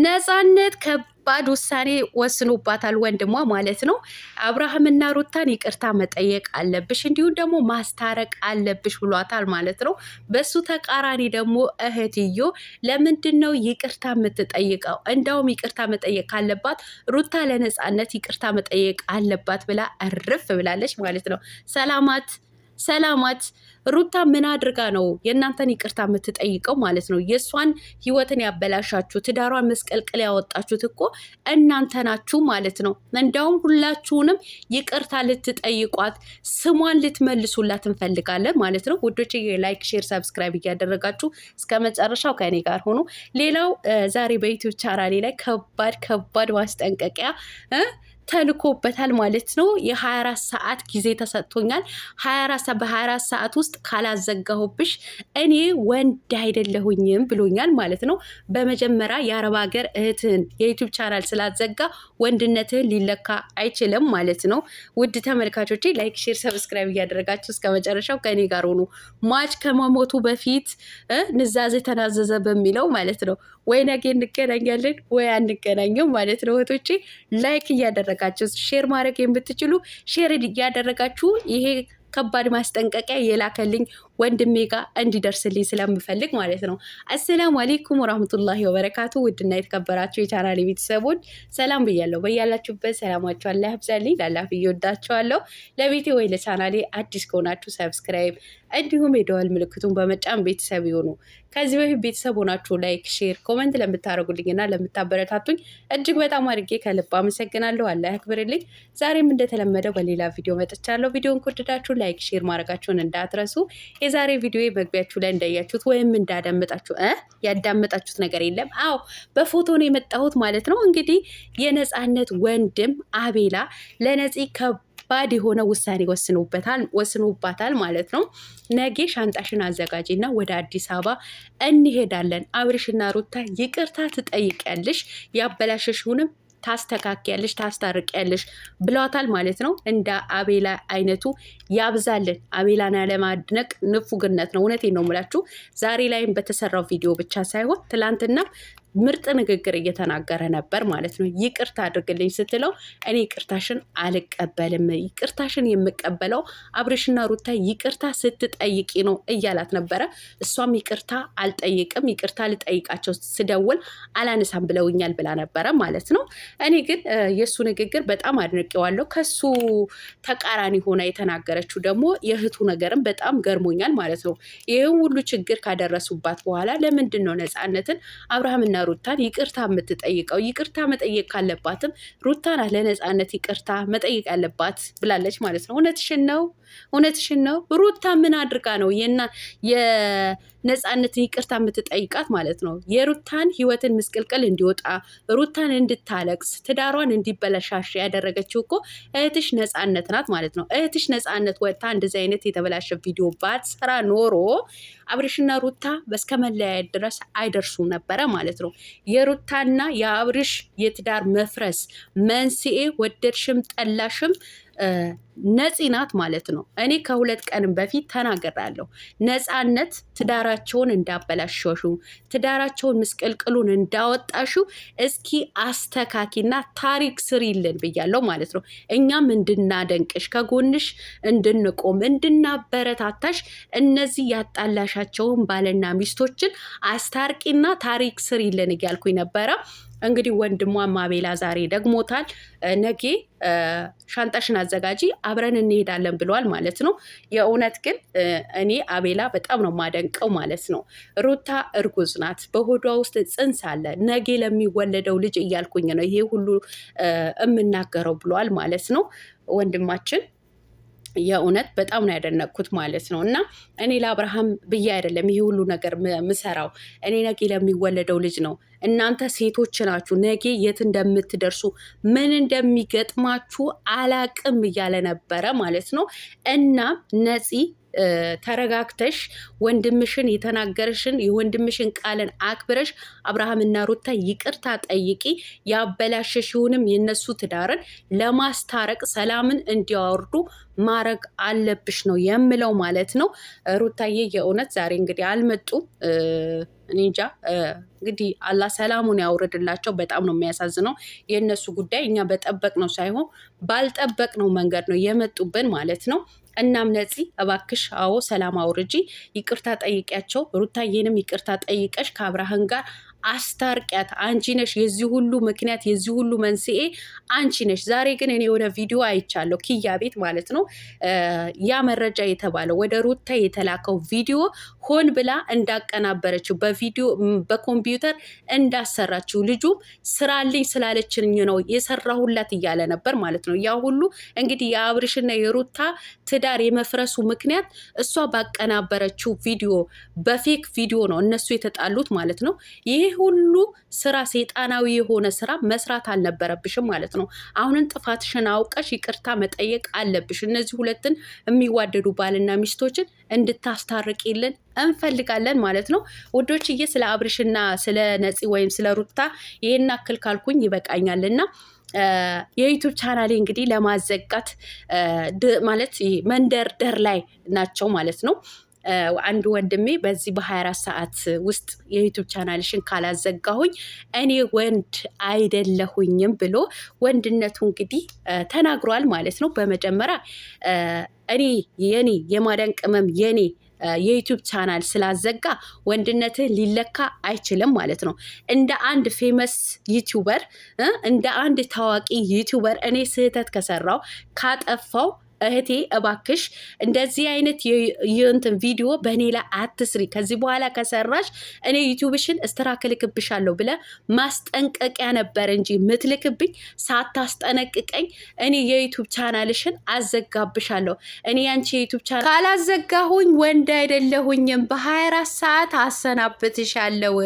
ነፃነት ከባድ ውሳኔ ወስኖባታል፣ ወንድሟ ማለት ነው። አብርሃምና ሩታን ይቅርታ መጠየቅ አለብሽ፣ እንዲሁም ደግሞ ማስታረቅ አለብሽ ብሏታል ማለት ነው። በሱ ተቃራኒ ደግሞ እህትዮ ለምንድን ነው ይቅርታ የምትጠይቀው? እንዳውም ይቅርታ መጠየቅ ካለባት ሩታ ለነፃነት ይቅርታ መጠየቅ አለባት ብላ እርፍ ብላለች ማለት ነው። ሰላማት ሰላማት ሩታ ምን አድርጋ ነው የእናንተን ይቅርታ የምትጠይቀው ማለት ነው? የእሷን ህይወትን ያበላሻችሁ ትዳሯን መስቀልቅል ያወጣችሁት እኮ እናንተ ናችሁ ማለት ነው። እንዲያውም ሁላችሁንም ይቅርታ ልትጠይቋት ስሟን ልትመልሱላት እንፈልጋለን ማለት ነው። ውዶች ላይክ፣ ሼር፣ ሰብስክራይብ እያደረጋችሁ እስከ መጨረሻው ከኔ ጋር ሆኖ ሌላው ዛሬ በዩቲዩብ ቻናሌ ላይ ከባድ ከባድ ማስጠንቀቂያ ተልኮበታል ማለት ነው። የ24 ሰዓት ጊዜ ተሰጥቶኛል። 24 ሰዓት ጊዜ ተሰጥቶኛል 24 በ 24 ሰዓት ውስጥ ካላዘጋሁብሽ እኔ ወንድ አይደለሁኝም ብሎኛል ማለት ነው። በመጀመሪያ የአረብ ሀገር እህትህን የዩቱብ ቻናል ስላዘጋ ወንድነትህን ሊለካ አይችልም ማለት ነው። ውድ ተመልካቾቼ ላይክ፣ ሼር፣ ሰብስክራይብ እያደረጋችሁ እስከ መጨረሻው ከእኔ ጋር ሆኑ። ማች ከመሞቱ በፊት ንዛዜ ተናዘዘ በሚለው ማለት ነው ወይ ነገ እንገናኛለን ወይ አንገናኘው ማለት ነው። እህቶቼ ላይክ እያደረጋችሁ ሼር ማድረግ የምትችሉ ሼር እያደረጋችሁ ይሄ ከባድ ማስጠንቀቂያ የላከልኝ ወንድሜ ጋር እንዲደርስልኝ ስለምፈልግ ማለት ነው። አሰላሙ አሌይኩም ወራህመቱላሂ ወበረካቱ። ውድና የተከበራችሁ የቻናሌ ቤተሰቦች ሰላም ብያለሁ። በያላችሁበት ሰላማችሁ አላህ ያብዛልኝ። ላላፍ እየወዳችኋለሁ። ለቤቴ ወይ ለቻናሌ አዲስ ከሆናችሁ ሰብስክራይብ እንዲሁም የደወል ምልክቱን በመጫን ቤተሰብ ይሁኑ። ከዚህ በፊት ቤተሰብ ሆናችሁ ላይክ፣ ሼር፣ ኮመንት ለምታደርጉልኝና ለምታበረታቱኝ እጅግ በጣም አድርጌ ከልብ አመሰግናለሁ። አላህ ያክብርልኝ። ዛሬም እንደተለመደው በሌላ ቪዲዮ መጥቻለሁ። ቪዲዮን ከወደዳችሁ ላይክ፣ ሼር ማድረጋችሁን እንዳትረሱ። የዛሬ ቪዲዮ መግቢያችሁ ላይ እንዳያችሁት ወይም እንዳዳመጣችሁ ያዳመጣችሁት ነገር የለም። አዎ በፎቶ ነው የመጣሁት ማለት ነው። እንግዲህ የነፃነት ወንድም አቤላ ለነፂ ከባድ የሆነ ውሳኔ ወስኖበታል ወስኖባታል ማለት ነው። ነጌ ሻንጣሽን አዘጋጅና ወደ አዲስ አበባ እንሄዳለን። አብርሽና ሩታ ይቅርታ ትጠይቅያለሽ ያበላሸሽውንም ታስተካክያለሽ፣ ታስታርቅያለሽ ብለዋታል ማለት ነው። እንደ አቤላ አይነቱ ያብዛልን። አቤላን ያለማድነቅ ንፉግነት ነው። እውነቴን ነው የምላችሁ። ዛሬ ላይም በተሰራው ቪዲዮ ብቻ ሳይሆን ትላንትና ምርጥ ንግግር እየተናገረ ነበር ማለት ነው። ይቅርታ አድርግልኝ ስትለው እኔ ይቅርታሽን አልቀበልም፣ ይቅርታሽን የምቀበለው አብርሽና ሩታ ይቅርታ ስትጠይቂ ነው እያላት ነበረ። እሷም ይቅርታ አልጠይቅም፣ ይቅርታ ልጠይቃቸው ስደውል አላነሳም ብለውኛል ብላ ነበረ ማለት ነው። እኔ ግን የእሱ ንግግር በጣም አድንቄዋለሁ። ከሱ ተቃራኒ ሆና የተናገረችው ደግሞ የእህቱ ነገርም በጣም ገርሞኛል ማለት ነው። ይህም ሁሉ ችግር ካደረሱባት በኋላ ለምንድን ነው ነፃነትን አብርሃምና ሩታን ይቅርታ የምትጠይቀው። ይቅርታ መጠየቅ ካለባትም ሩታ ናት ለነፃነት ይቅርታ መጠየቅ ያለባት ብላለች ማለት ነው። እውነትሽን ነው፣ እውነትሽን ነው። ሩታ ምን አድርጋ ነው የነፃነትን ይቅርታ የምትጠይቃት ማለት ነው? የሩታን ህይወትን ምስቅልቅል እንዲወጣ ሩታን እንድታለቅስ ትዳሯን እንዲበለሻሽ ያደረገችው እኮ እህትሽ ነፃነት ናት ማለት ነው። እህትሽ ነፃነት ወጥታ እንደዚህ አይነት የተበላሸ ቪዲዮ ባትሰራ ኖሮ አብርሽና ሩታ በስከመለያየት ድረስ አይደርሱ ነበረ ማለት ነው። የሩታና የአብርሽ የትዳር መፍረስ መንስኤ ወደድሽም ጠላሽም ነፂ ናት ማለት ነው። እኔ ከሁለት ቀን በፊት ተናግራለሁ። ነፃነት ትዳራቸውን እንዳበላሸሹ ትዳራቸውን ምስቅልቅሉን እንዳወጣሹ እስኪ አስተካኪና ታሪክ ስሪልን ብያለሁ ማለት ነው። እኛም እንድናደንቅሽ ከጎንሽ እንድንቆም እንድናበረታታሽ እነዚህ ያጣላሻቸውን ባልና ሚስቶችን አስታርቂና ታሪክ ስሪልን እያልኩኝ ነበረ። እንግዲህ ወንድሟ ማቤላ ዛሬ ደግሞታል። ነጌ ሻንጣሽን አዘጋጂ አብረን እንሄዳለን ብለዋል ማለት ነው። የእውነት ግን እኔ አቤላ በጣም ነው ማደንቀው ማለት ነው። ሩታ እርጉዝ ናት፣ በሆዷ ውስጥ ጽንስ አለ፣ ነጌ ለሚወለደው ልጅ እያልኩኝ ነው ይሄ ሁሉ የምናገረው ብለዋል ማለት ነው ወንድማችን የእውነት በጣም ነው ያደነቅኩት ማለት ነው። እና እኔ ለአብርሃም ብዬ አይደለም ይሄ ሁሉ ነገር ምሰራው፣ እኔ ነጌ ለሚወለደው ልጅ ነው። እናንተ ሴቶች ናችሁ፣ ነጌ የት እንደምትደርሱ ምን እንደሚገጥማችሁ አላቅም እያለ ነበረ ማለት ነው። እና ነፂ ተረጋግተሽ ወንድምሽን የተናገረሽን የወንድምሽን ቃልን አክብረሽ አብርሃምና ሩታ ይቅርታ ጠይቂ። ያበላሸሽውንም የነሱ ትዳርን ለማስታረቅ ሰላምን እንዲያወርዱ ማድረግ አለብሽ ነው የምለው ማለት ነው። ሩታዬ የእውነት ዛሬ እንግዲህ አልመጡም። እኔ እንጃ እንግዲህ አላህ ሰላሙን ያውርድላቸው። በጣም ነው የሚያሳዝነው የእነሱ ጉዳይ። እኛ በጠበቅ ነው ሳይሆን ባልጠበቅ ነው መንገድ ነው የመጡብን ማለት ነው። እናም ነፂ እባክሽ አዎ ሰላም አውርጂ፣ ይቅርታ ጠይቂያቸው፣ ሩታዬንም ይቅርታ ጠይቀሽ ከአብርሃን ጋር አስታርቂያት። አንቺ ነሽ የዚህ ሁሉ ምክንያት፣ የዚህ ሁሉ መንስኤ አንቺ ነሽ። ዛሬ ግን እኔ የሆነ ቪዲዮ አይቻለሁ፣ ኪያ ቤት ማለት ነው። ያ መረጃ የተባለው ወደ ሩታ የተላከው ቪዲዮ ሆን ብላ እንዳቀናበረችው በቪዲዮ በኮምፒውተር እንዳሰራችው ልጁም ስራልኝ ስላለችኝ ነው የሰራሁላት እያለ ነበር ማለት ነው። ያ ሁሉ እንግዲህ የአብርሽና የሩታ ትዳር የመፍረሱ ምክንያት እሷ ባቀናበረችው ቪዲዮ በፌክ ቪዲዮ ነው እነሱ የተጣሉት ማለት ነው። ይህ ሁሉ ስራ ሰይጣናዊ የሆነ ስራ መስራት አልነበረብሽም ማለት ነው። አሁንን ጥፋትሽን አውቀሽ ይቅርታ መጠየቅ አለብሽ። እነዚህ ሁለትን የሚዋደዱ ባልና ሚስቶችን እንድታስታርቂልን እንፈልጋለን ማለት ነው ውዶችዬ። ስለ አብርሽና ስለ ነፂ ወይም ስለ ሩታ ይሄን አክል ካልኩኝ ይበቃኛል የዩቱብ ቻናሌ እንግዲህ ለማዘጋት ማለት መንደርደር ላይ ናቸው ማለት ነው። አንድ ወንድሜ በዚህ በ24 ሰዓት ውስጥ የዩቱብ ቻናልሽን ካላዘጋሁኝ እኔ ወንድ አይደለሁኝም ብሎ ወንድነቱ እንግዲህ ተናግሯል ማለት ነው። በመጀመሪያ እኔ የኔ የማዳን ቅመም የኔ የዩቱብ ቻናል ስላዘጋ ወንድነትህ ሊለካ አይችልም ማለት ነው። እንደ አንድ ፌመስ ዩቱበር እንደ አንድ ታዋቂ ዩቱበር እኔ ስህተት ከሰራው ካጠፋው እህቴ እባክሽ እንደዚህ አይነት የእንትን ቪዲዮ በእኔ ላይ አትስሪ፣ ከዚህ በኋላ ከሰራሽ እኔ ዩቲዩብሽን እስትራክ ልክብሻለሁ ብለህ ማስጠንቀቂያ ነበር እንጂ ምትልክብኝ ሳታስጠነቅቀኝ እኔ የዩቲዩብ ቻናልሽን አዘጋብሻለሁ። እኔ ያንቺ የዩቲዩብ ቻናል ካላዘጋሁኝ ወንድ አይደለሁኝም፣ በ24 ሰዓት አሰናብትሻለሁ፣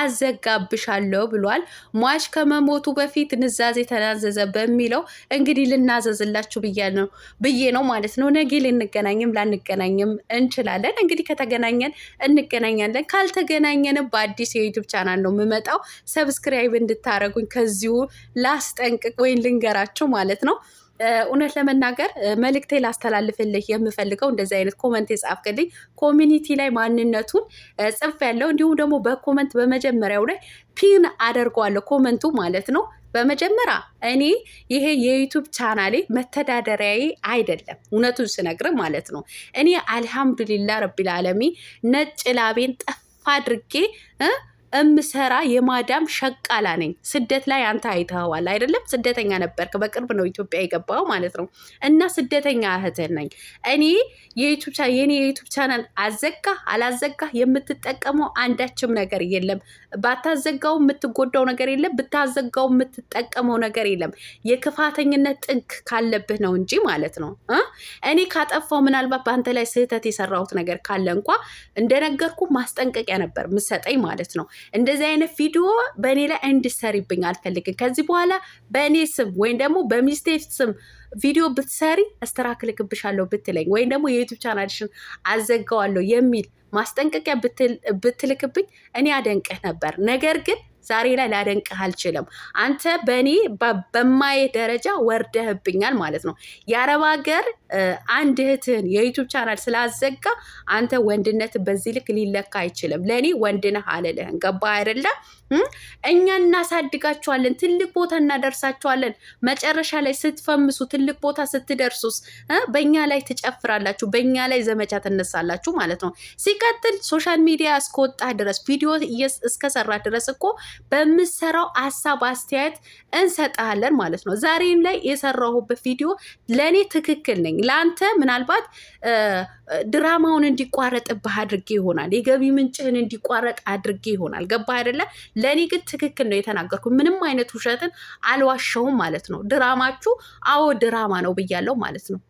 አዘጋብሻለሁ ብሏል። ሟች ከመሞቱ በፊት ንዛዜ ተናዘዘ በሚለው እንግዲህ ልናዘዝላችሁ ብያል ነው ብዬ ነው ማለት ነው። ነገ ልንገናኝም ላንገናኝም እንችላለን። እንግዲህ ከተገናኘን እንገናኛለን፣ ካልተገናኘን በአዲስ የዩቱብ ቻናል ነው የምመጣው። ሰብስክራይብ እንድታረጉኝ ከዚሁ ላስጠንቅቅ ወይም ልንገራችሁ ማለት ነው። እውነት ለመናገር መልእክቴ ላስተላልፍልህ የምፈልገው እንደዚህ አይነት ኮመንት የጻፍክልኝ ኮሚኒቲ ላይ ማንነቱን ጽፍ ያለው እንዲሁም ደግሞ በኮመንት በመጀመሪያው ላይ ፒን አደርገዋለሁ ኮመንቱ ማለት ነው በመጀመሪያ እኔ ይሄ የዩቱብ ቻናሌ መተዳደሪያዬ አይደለም፣ እውነቱን ስነግር ማለት ነው። እኔ አልሐምዱሊላ ረቢል ዓለሚ ነጭ ላቤን ጠፋ አድርጌ እምሰራ የማዳም ሸቃላ ነኝ። ስደት ላይ አንተ አይተኸዋል አይደለም? ስደተኛ ነበርክ። በቅርብ ነው ኢትዮጵያ የገባው ማለት ነው። እና ስደተኛ እህትህ ነኝ እኔ። የኔ የዩቱብ ቻናል አዘጋ አላዘጋ የምትጠቀመው አንዳችም ነገር የለም። ባታዘጋው የምትጎዳው ነገር የለም። ብታዘጋው የምትጠቀመው ነገር የለም። የክፋተኝነት ጥግ ካለብህ ነው እንጂ ማለት ነው። እኔ ካጠፋው ምናልባት በአንተ ላይ ስህተት የሰራሁት ነገር ካለ እንኳ እንደነገርኩ ማስጠንቀቂያ ነበር ምሰጠኝ ማለት ነው። እንደዚህ አይነት ቪዲዮ በእኔ ላይ እንድትሰሪብኝ አልፈልግም። ከዚህ በኋላ በእኔ ስም ወይም ደግሞ በሚስቴ ስም ቪዲዮ ብትሰሪ እስተራክልክብሻለሁ ብትለኝ ወይም ደግሞ የዩቱብ ቻናልሽን አዘጋዋለሁ የሚል ማስጠንቀቂያ ብትልክብኝ እኔ አደንቅህ ነበር። ነገር ግን ዛሬ ላይ ላደንቅህ አልችልም። አንተ በእኔ በማየ ደረጃ ወርደህብኛል ማለት ነው። የአረብ ሀገር አንድ እህትህን የዩቱብ ቻናል ስላዘጋ አንተ ወንድነት በዚህ ልክ ሊለካ አይችልም። ለእኔ ወንድነህ አልልህም። ገባህ አይደለ? እኛ እናሳድጋችኋለን፣ ትልቅ ቦታ እናደርሳችኋለን። መጨረሻ ላይ ስትፈምሱ፣ ትልቅ ቦታ ስትደርሱስ በእኛ ላይ ትጨፍራላችሁ፣ በእኛ ላይ ዘመቻ ትነሳላችሁ ማለት ነው። ሲቀጥል ሶሻል ሚዲያ እስከወጣህ ድረስ ቪዲዮ እስከሰራህ ድረስ እኮ በምሰራው ሀሳብ አስተያየት እንሰጥሃለን ማለት ነው። ዛሬም ላይ የሰራሁበት ቪዲዮ ለእኔ ትክክል ነኝ፣ ለአንተ ምናልባት ድራማውን እንዲቋረጥብህ አድርጌ ይሆናል፣ የገቢ ምንጭህን እንዲቋረጥ አድርጌ ይሆናል። ገባህ አይደለ? ለእኔ ግን ትክክል ነው የተናገርኩ። ምንም አይነት ውሸትን አልዋሸውም ማለት ነው። ድራማችሁ አዎ ድራማ ነው ብያለሁ ማለት ነው።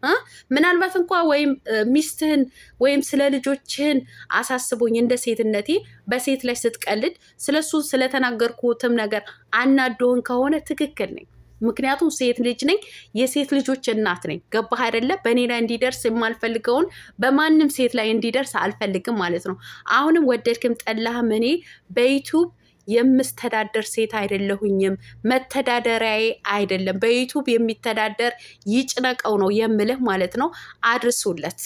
ምናልባት እንኳ ወይም ሚስትህን ወይም ስለ ልጆችህን አሳስቦኝ እንደ ሴትነቴ በሴት ላይ ስትቀልድ ስለሱ ስለተናገ የተናገርኩትም ነገር አናዶህን ከሆነ ትክክል ነኝ። ምክንያቱም ሴት ልጅ ነኝ፣ የሴት ልጆች እናት ነኝ። ገባህ አይደለ? በእኔ ላይ እንዲደርስ የማልፈልገውን በማንም ሴት ላይ እንዲደርስ አልፈልግም ማለት ነው። አሁንም ወደድክም ጠላህም እኔ በዩቱብ የምስተዳደር ሴት አይደለሁኝም። መተዳደሪያዬ አይደለም። በዩቱብ የሚተዳደር ይጭነቀው ነው የምልህ ማለት ነው። አድርሱለት።